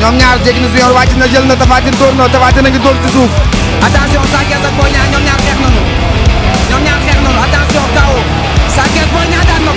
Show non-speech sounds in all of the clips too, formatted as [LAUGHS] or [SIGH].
ñoom ñaar jéggi na su yor jël na Tapha Tine na Tapha ngi dóor ci suuf attention Sa Thiès ak ñoom ñaar xeex nañu ñoom ñaar xeex nañu attention kaw Sa Thiès Boy Niang daan na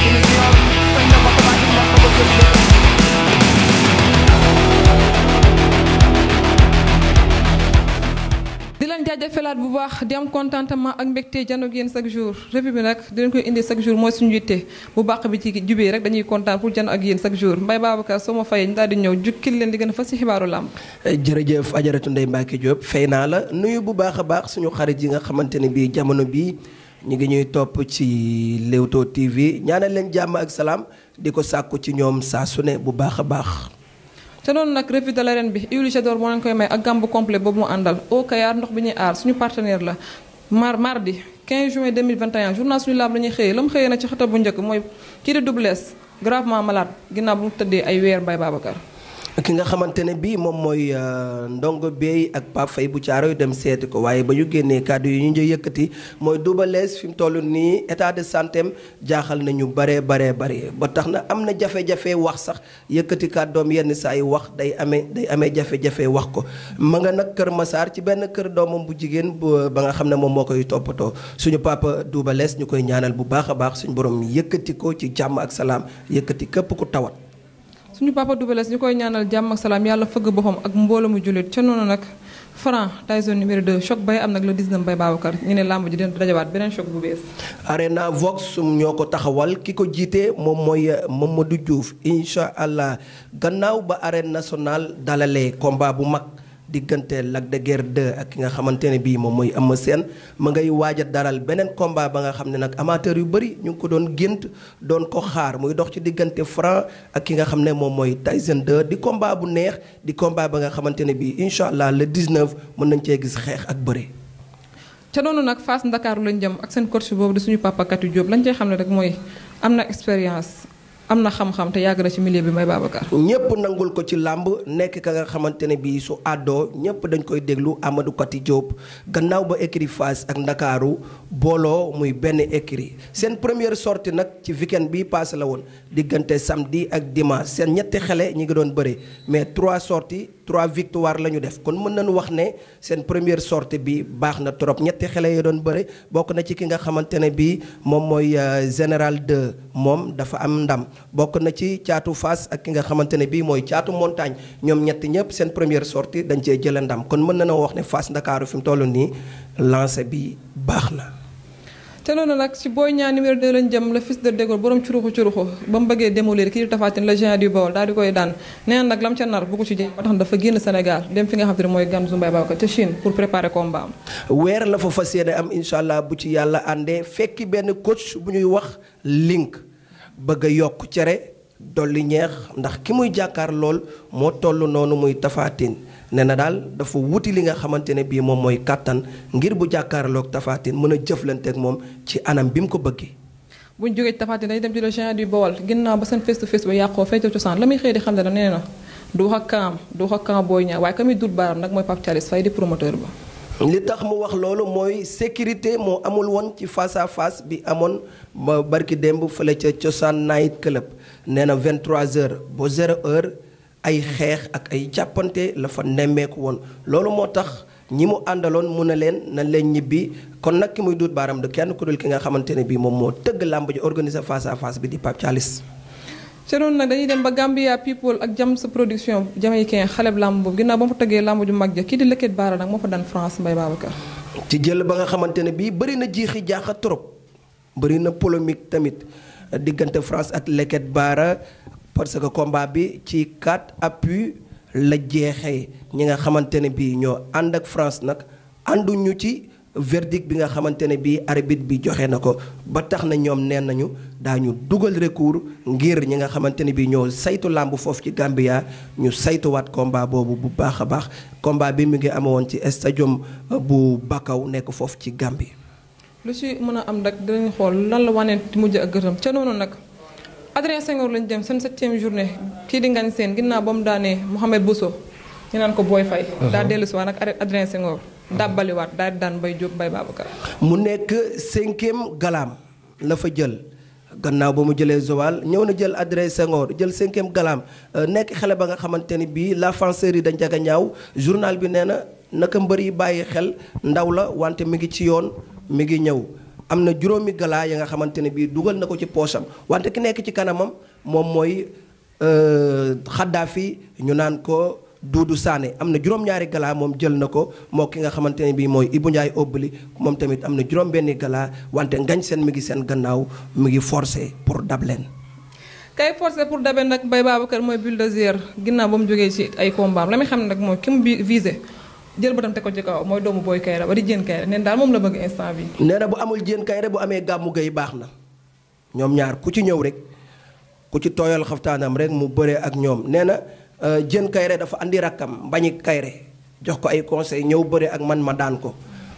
felaat bu baax di am contentement ak mbégte jano ak yéen chaque jour revue bi nag dinañ koy indi chaque jour mooy suñu yitte bu baax bi ci jubee rek dañuy kontaan pour jano ak yéen chaque jour Mbaye Babacar soo ma fayee ñu daal di ñëw jukkil leen di gën a fas ci xibaaru làmb eh, jërëjëf fajaratu Ndeye Mbacke Diop fay naa la nuyu bu baax a baax suñu xarit yi nga xamante ne bii jamono bii ñu ngi ñuy topp ci Leewtoo TV ñaanal leen jàmm ak salaam di ko sàkku ci ñoom saa su bu baax a baax te noonu nag revue de l'arène bi huile Jador moo leen koy may ak gambu complet boobu mu àndal o Kayar ndox bi ñuy aar suñu partenaire la mar mardi 15 juin 2021 journal suñu laab la ñuy xëyee la mu xëyee na ci xëta bu njëkk mooy kii di Double Less gravement malade ginnaaw bu mu tëddee ay weer Mbaye Babacar ki nga xamante ne bii moom mooy euh, ndongo beey ak Pape Faye bu Caaroy dem seeti ko waaye ba ñu génnee kàddu yi ñu njëy yëkkati mooy Double Less fi mu toll nii état de santé am jaaxal nañu baree baree bare ba tax na am na jafe-jafe wax sax yëkkati doom yenn saa ay wax day amee day amee jafe-jafe wax ko ma nga nag kër Masaar ci benn kër doomam bu jigéen ba nga xam ne moom moo koy toppatoo suñu papa Double ñu koy ñaanal bu baax a baax suñu borom yëkkati ko ci jàmm ak salaam yëkkati képp ku tawat suñu papa Double Less ñu koy ñaanal jàmm ak salaam yàlla fëgg boppam ak mbooloo mu jullit ca noonu nag Franc Tyson numéro 2 choc bay am nag le 19 bay Babacar ñu ne làmb ji dina dajawaat beneen choc bu bees. Arena Vox ñoo ko taxawal ki ko jiite moom mooy moom ma du juuf incha allah gannaaw ba arène nationale dalale combat bu mag. diggante Lac de ak ki nga xamante ne bii moom mooy Eumeu seen ma ngay waaja daral beneen combat ba nga xam ne nag amateur yu bëri ñu ngi ko doon gént doon ko xaar muy dox ci diggante Franc ak ki nga xam ne moom mooy Tyson 2 di combat bu neex di combat ba nga xamante ne bii incha allah le 19 mën nañ cee gis xeex ak bëri. ca noonu nag Fass Ndakaaru lañ jëm ak seen coach boobu di suñu papa Katy Diop lañ cee xam ne rek mooy am na expérience. am na xam-xam te yàgg na ci milieu bi may Babacar. ñëpp nangul ko ci làmb nekk ka nga xamante ne bii su àddoo ñëpp dañ koy déglu Amadou Kati Diop gannaaw ba écurie Fass ak Ndakaaru booloo muy benn écurie seen première sortie nag ci weekend bi paase la woon diggante samedi ak dimanche seen ñetti xele ñi ngi doon bëri mais trois sorties trois victoires la ñu def kon mën nañu wax ne seen première sortie bi baax na trop ñetti xele yi doon bëre bokk na ci ki nga xamante ne bii moom mooy euh, général de moom dafa am ndam bokk na ci caatu Fass ak ki nga xamante ne bii mooy caatu montagne ñoom ñetti ñëpp seen première sorti dañ cee jële ndam kon mën na na wax ne Fass Ndakaaru fi mu toll nii lancé bi baax na. te loolu nag ci Boy Niang numéro 2 lañ jëm le fils de Dégol borom curuxu curuxu ba mu bëggee démolir kii di Tapha Tine le géant du Baol daal di koy daan neen nag lam ca nar bu ko ci jëm ba tax dafa génn Sénégal dem fi nga xam te ne mooy Gamzu Mbaye Babacar ca Chine pour préparer combat am weer la fa fas yéene am incha allah bu ci yàlla àndee fekki benn coach bu ñuy wax link bëgg a yokk cere dolli ñeex ndax ki muy jàkkaar lool moo toll noonu muy tafaatin nee na daal dafa wuti li nga xamante ne bii moom mooy kàttan ngir bu jàkkaarloog tafaatin mën a jëflanteeg moom ci anam bi mu ko bëggee. bu ñu jógee ci tafaatin dañuy dem ci le géant du Bawol ba seen face to face ba yàqoo fay ca cosaan la muy xëy di xam ne nee na du wax ak kaam du wax ak kaam booy ñaar waaye ka dut baaram nag mooy Pape Thialis Faye di promoteur ba. li tax mu wax loolu mooy sécurité moo amul woon ci face bi amoon ba barki démb fële ca cosaan night club nee na 23h ba 0h ay xeex ak ay jàppante la fa nemmeeku woon loolu moo tax ñi mu àndaloon mun a leen na leen ñibbi kon nag ki muy duut baaram du kenn ku dul ki nga xamante ne bii moom moo tëgg làmb ji organiser face à bi di paccaalis Thione nag dañuy dem ba Gambia people ak jam sa production jamaïcain xaleb làmb boobu ginnaaw ba mu fa tëggee làmb ju mag ja kii di lëkkat baara nag moo fa daan France Mbaye Babacar ci jël ba nga xamante ne bii bëri na jiixi jaaxa trop bëri na polémique tamit diggante France ak leket baara parce que combat bi ci quatre appuis la jeexee ñi nga xamante ne bii ñoo ànd ak France nag ànduñu ci verdict bi nga xamante ne bii arbitre bi joxe na ko ba tax na ñoom nee nañu daa ñu dugal recours ngir ñi nga xamante ne bii ñoo saytu làmb foofu ci Gambia ñu saytuwaat combat boobu bu baax a baax combat bi mu ngi amoon ci stadium euh, bu Bakaw nekk foofu ci Gambie. lu ci mën a am nag dinañ xool lan la wane mujj ak gërëm ca noonu nag Adrien Senghor lañ dem seen septième journée kii di Ngagne Sène ginnaaw ba mu daanee Mouhamed Bousso ñu ko booy fay uh-huh. dàbbaliwaat daal di daan Mbaye Diop Mbaye Babacar. mu nekk cinquième galaam la fa jël gannaaw ba mu jëlee Joal ñëw na jël adresse Senghor jël cinquième galaam euh, nekk xale ba nga xamante ni bii la fanceur yi da njaga ñaaw journal bi nee na naka mbër yi bàyyi xel ndaw la wante mi ngi ci yoon mi ngi ñëw. am na juróomi galaa ya nga xamante ne bii dugal na ko ci poosam wante ki nekk ci kanamam moom mooy xaddaafi euh, ñu naan ko. Doudou Sané am na juróom-ñaari gala moom jël na ko moo ki nga xamante ne bii mooy Ibou Ndiaye Obli moom tamit am na juróom-benni gala wante ngañ seen mi ngi seen gannaaw mi ngi forcé pour dab leen. kay forcé pour dabe nag Mbaye Babacar mooy bulldozer ginnaaw ba mu jógee ci ay combat la muy xam ne nag mooy ki mu visé jël bëtam te ko ci kaw mooy doomu Boy Kayra ba di Diène Kayra neen daal moom la bëgg instant bi nee na bu amul Diène Kayra bu amee gàmmu gay baax na ñoom ñaar ku ci ñëw rek ku ci tooyal xaftaanam rek mu bëree ak ñoom nee na Euh, jën kayre dafa andi rakkam mbañi kayre jox ko ay conseil ñëw bëre ak man ma daan ko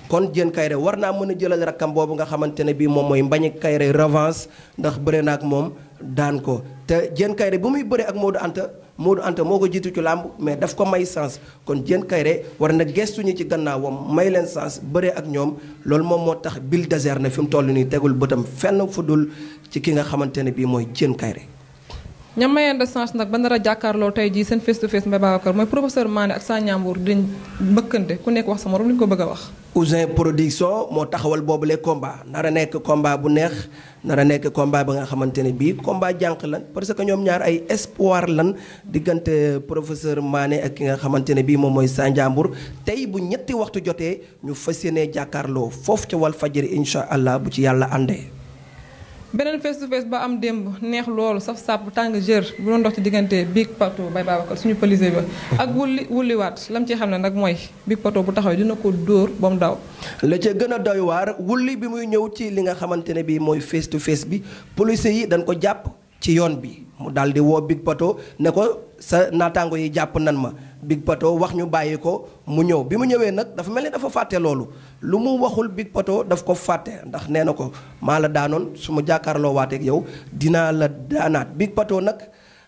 kon jën kayre war naa mën a jëlal rakkam boobu nga xamante ne bii moom mooy mbañi kayre revanche ndax bëre na ak moom daan ko te jën kayre bu muy bëre ak Modou Anta Modou Anta moo ko jiitu ci làmb mais daf ko may sens kon jën kayre war na gestuñu ci gannaawam may leen sens bëre ak ñoom loolu moom moo tax Bulldozer na fi mu toll nii tegul bëtam fenn fu dul ci ki nga xamante ne bii mooy jën kayre ñam mayeen de chance nag ba nara a jàkkaarloo tey jii seen face to face Mbaye Babacar mooy professeur Mané ak Sa Ndiambour diñ mbëkkante ku nekk wax sa morom li ñu ko bëgg a wax Ousin production moo taxawal boobu le combat nar nekk combat bu neex nar a nekk combat ba nga xamante ne bii combat jànq lan parce que ñoom ñaar ay espoir lan diggante professeur Mané ak ki nga xamante ne bii moom mooy Sa Ndiambour tey bu ñetti waxtu jotee ñu fas yéenee jàkkaarloo foofu ca Walfadjri incha allah bu ci yàlla àndee beneen face to face ba am démb neex loolu saf sàpp tàng jër bu doon dox ci diggante Big Pato Baye Babacar suñu pëlisé ba ak wulli wulliwaat lam ci xam ne nag mooy Big Pato bu taxaw dina ko dóor ba mu daw la ca gën a doy waar wulli bi muy ñëw ci li nga xamante ne bi mooy face to face bi policiers yi dañ ko jàpp ci yoon bi mu daal di woo Big Pato ne ko sa naataango yi jàpp nan ma Big Pato wax ñu bàyyi ko mu ñëw bi mu ñëwee nag dafa mel ni dafa fàtte loolu lu mu waxul Big Pato daf ko fàtte ndax nee na ko maa la daanoon su ma jàkkaarloo waateeg yow dinaa la daanaat Big Pato nag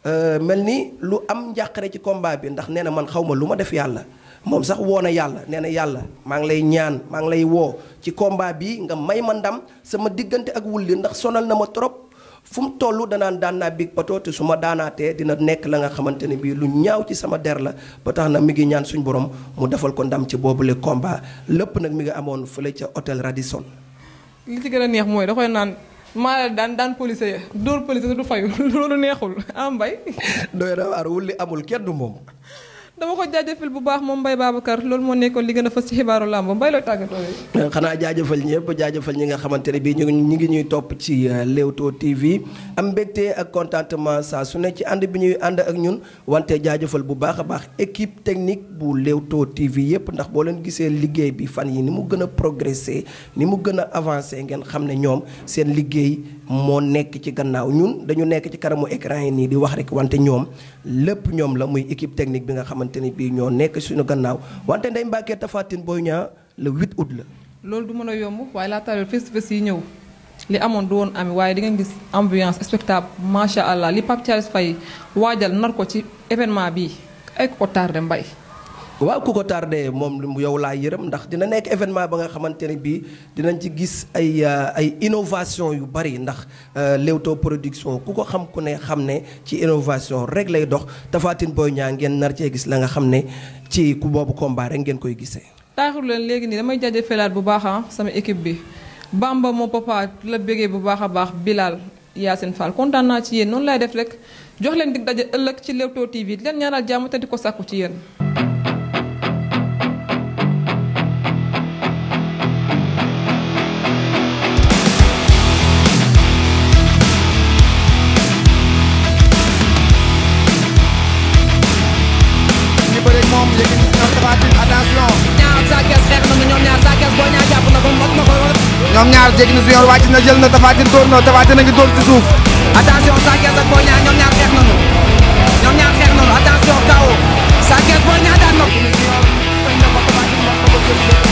euh, mel ni lu am njàqare ci combat bi ndax nee na man xaw ma lu ma def yàlla moom sax woo na yàlla nee na yàlla maa ngi lay ñaan maa ngi lay woo ci combat bi nga may ma ndam sama diggante ak wulli ndax sonal na ma trop fu mu toll danaan daan naa big pato su ma daanaatee dina nekk la nga xamante ne bii lu ñaaw ci sama der la ba tax na mi ngi ñaan suñu borom mu defal ko ndam ci boobule combat lépp nag mi ngi amoon fële ca hôtel Radisson. li ci gën a neex mooy da naan maa daan daan policier dóor policier du fayu [LAUGHS] loolu neexul ah mbay. [LAUGHS] doy na wulli amul kenn du moom. dama ko jaajëfal bu baax moom Mbaye Babacar loolu moo nekkoon li gën a fas ci xibaaru làmb Mbaye looy tàggatoo eh, xanaa jaajëfal ñëpp jaajëfal ñi nga xamante ne bii ñu ñu ngi ñuy topp ci eh, Leewtoo TV am mbégte ak contentement saa su ne ci ànd bi ñuy ànd ak ñun wante jaajëfal bu baax a baax équipe technique bu Leewtoo TV yëpp ndax boo leen gisee liggéey bi fan yi ni mu gën a progressé ni mu gën a avancé ngeen xam ne ñoom seen liggéey moo nekk ci gannaaw ñun dañu nekk ci kanamu écran yi nii di wax rek wante ñoom lépp ñoom la muy équipe technique bi nga xamante xamante ni bii ñoo nekk suñu gannaaw wante Ndeye Mbacké Tapha Tine Boy Niang le 8 août la. loolu du mën a yomb waaye laa taaleel face to face yi ñëw li amoon du woon ami waaye di nga gis ambiance spectacle macha allah li Pape Thialis Faye waajal nar ko ci événement bi ay ko de mbay. waaw ku ko tardé moom mu yow laay yërëm ndax dina nekk événement ba nga xamante ne bii dinañ ci gis ay euh, ay innovation yu bari ndax euh, Leewtoo production ku ko xam ku ne xam ne ci innovation rek lay dox Tapha Tine Boy Niang ngeen nar cee gis la nga xam ne ci ku boobu combat rek ngeen koy gisee. taaxir leen léegi nii damay felaat bu baax ah, sama équipe bi baam ba moo papa la bégee bu baax a baax yaa seen Fall kontaan naa ci yéen noonu lay def rek jox leen dig daje ci Leewtoo TV di leen ñaanal jàmm ko sàkku ci yéen. ñoom ñaar jéggi na junior wàcc na jël na tafaatin dóor na tafaatin a ngi dóor ci suuf. attention Sa Thiès ñoom ñaar xeex nañu ñoom ñaar xeex nañu attention kaw Sa Thiès Boy Niang daan na